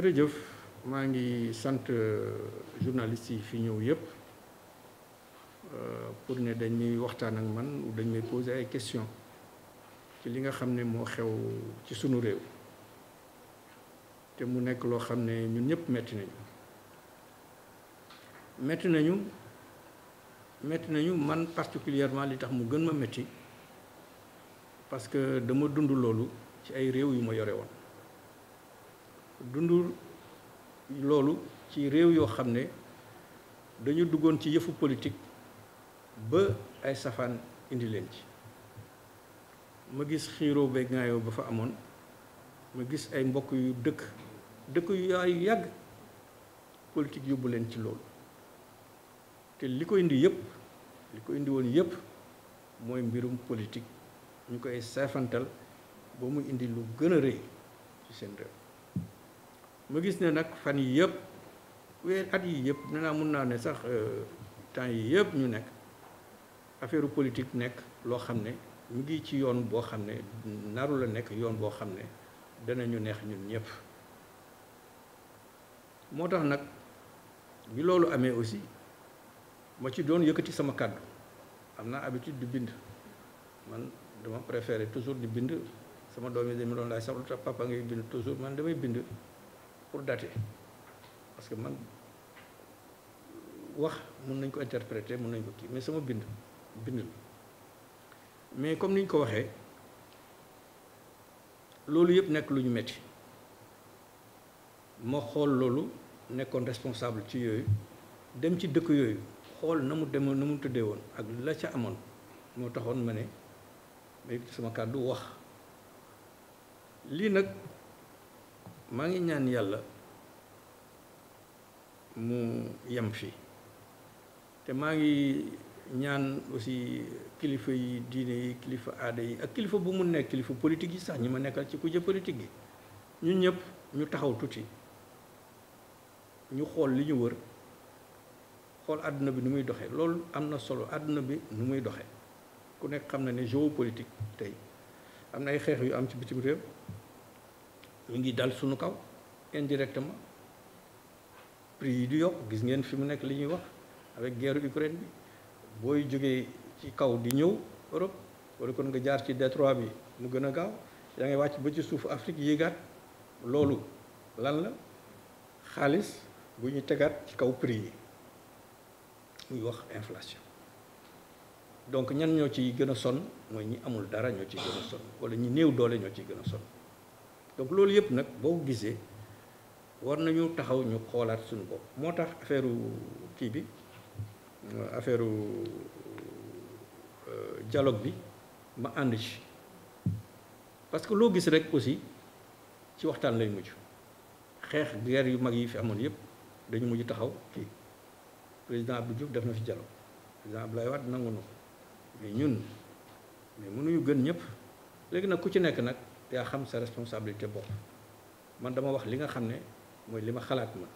jërëjëf maa ngi sant euh, journaliste yi fi ñëw yépp euh, pour ne dañ muy waxtaan ak man ou dañ may poser ay question ci li nga xam ne moo xew ci sunu réew te mu nekk loo xam ne ñun ñëpp metti nañu metti nañu metti nañu man particulièrement li tax mu gën ma metti parce que dama dund loolu ci ay réew yu ma yore woon dund loolu ci réew yoo xam ne dañu duggoon ci yëfu politique ba ay safaan indi leen ci ma gis xiiroo ba ngaayoo ba fa amoon ma gis ay mbokk yu dëkk dëkk yu yaay yàgg politique yóbbu leen ci loolu te li ko indi yëpp li ko indi woon yëpp mooy mbirum politique ñu koy seefantal ba mu indi lu gën a rëy ci seen réew ma gis ne nag fan yi yëpp weer at yi yëpp nee naa mun naa ne sax euh, temps yi yëpp ñu nekk affaire politique nekk loo xam ne mu ngi ci yoon boo xam ne naru la nekk yoon boo xam ne ñu neex ñun ñëpp moo tax nag bi loolu amee aussi ma ci doon yëkkati sama kàddu am naa abitude di bind man dama préféré toujours di bind sama doom yi ma doon laaj sax lu tax papa ngay man damay bind pour dater parce que man wax mun nañ ko interpréter mun nañ ko kii mais sama bind bind la mais comme ni ñu ko waxee loolu yëpp nekk lu ñu metti ma xool loolu nekkoon responsable ci yooyu dem ci dëkk yooyu xool na mu demoon na mu tëddee woon ak la ca amoon moo taxoon ma ne ma sama kàddu wax lii nag maa ngi ñaan yàlla mu yam fi te maa ngi ñaan aussi kilifa yi diine yi kilifa aada yi ak kilifa bu mu nekk kilifa politique yi sax ñi ma nekkal ci kuje politique yi ñu ñëpp ñu taxaw tuuti ñu xool li ñu wër xool àdduna bi nu muy doxee loolu am na solo àdduna bi nu muy doxee ku nekk xam na ne géopolitique tey am na ay xeex yu am ci bitim réew mu ngi dal suñu kaw indirectement prix yi du yokk gis ngeen fi mu nekk li ñuy wax avec guerre Ukraine bi booy jógee ci kaw di ñëw Europe wala kon nga jaar ci détroit bi mu gën a gaaw yaa ngi wàcc ba ci suufu Afrique yéegaat loolu lan la xaalis bu ñu tegaat ci kaw prix yi muy wax inflation donc ñan ñoo ciy gën a sonn mooy ñi amul dara ñoo ci gën a sonn wala ñi néew doole ñoo ciy gën a son donc loolu yëpp nag boo gisee war nañu taxaw ñu xoolaat suñu bopp moo tax affaire kii bi affaire jaloog euh, bi ma ànd ci parce que loo gis rek aussi ci waxtaan lay mujj xeex guerre yu mag yi fi amoon yëpp dañu mujj taxaw kii président Abdou Diouf def na fi dialogue président lay Wade nangu na mais ñun mais mënuñu gën ñëpp léegi nag ku ci nekk nag yaa xam sa responsabilité bopp man dama wax li nga xam ne mooy li ma xalaat ma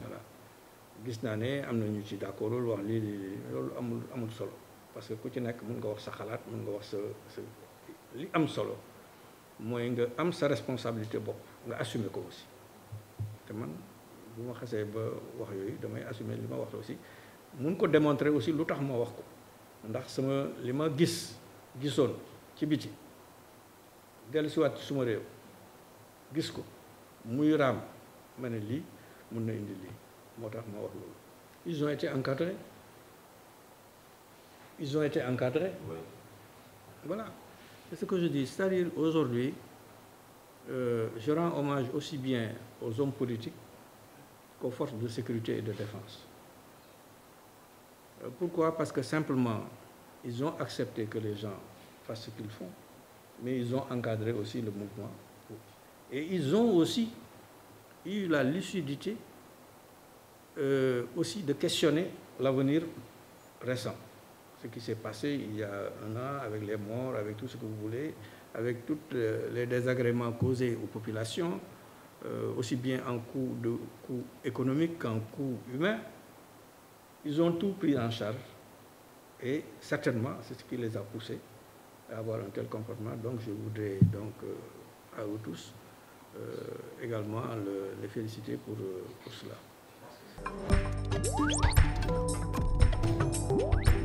voilà gis naa ne am na ñu ci d'accord loolu wax lii lii loolu amul amul solo parce que ku ci nekk mën nga wax sa xalaat mën nga wax sa sa li am solo mooy nga am sa responsabilité bopp nga assumer ko aussi te man bu ma xasee ba wax yooyu damay assumer li ma wax aussi mun ko démontrer aussi lu tax ma wax ko ndax sama li ma gis gisoon ci biti dellusiwaat ci suma réew gis ko muy raam ma ne lii mun na indi lii moo tax ma wax loolu ils ont été encadrés ils ont été encadrés voilà c'est ce que je dis c'est-à-dire aujourd'hui euh, je hommage aussi bien aux hommes politiques qu'aux forces de sécurité et de défense Pourquoi Parce que simplement, ils ont accepté que les gens fassent ce qu'ils font, mais ils ont encadré aussi le mouvement. Et ils ont aussi eu la lucidité euh, aussi de questionner l'avenir récent. Ce qui s'est passé il y a un an avec les morts, avec tout ce que vous voulez, avec tous euh, les désagréments causés aux populations, euh, aussi bien en coût, de, coût économique qu'en coût humain. ils ont tout pris en charge et certainement c'est ce qui les a poussés à avoir un tel comportement. Donc je voudrais donc euh, à vous tous euh, également le, les féliciter pour, euh, pour cela.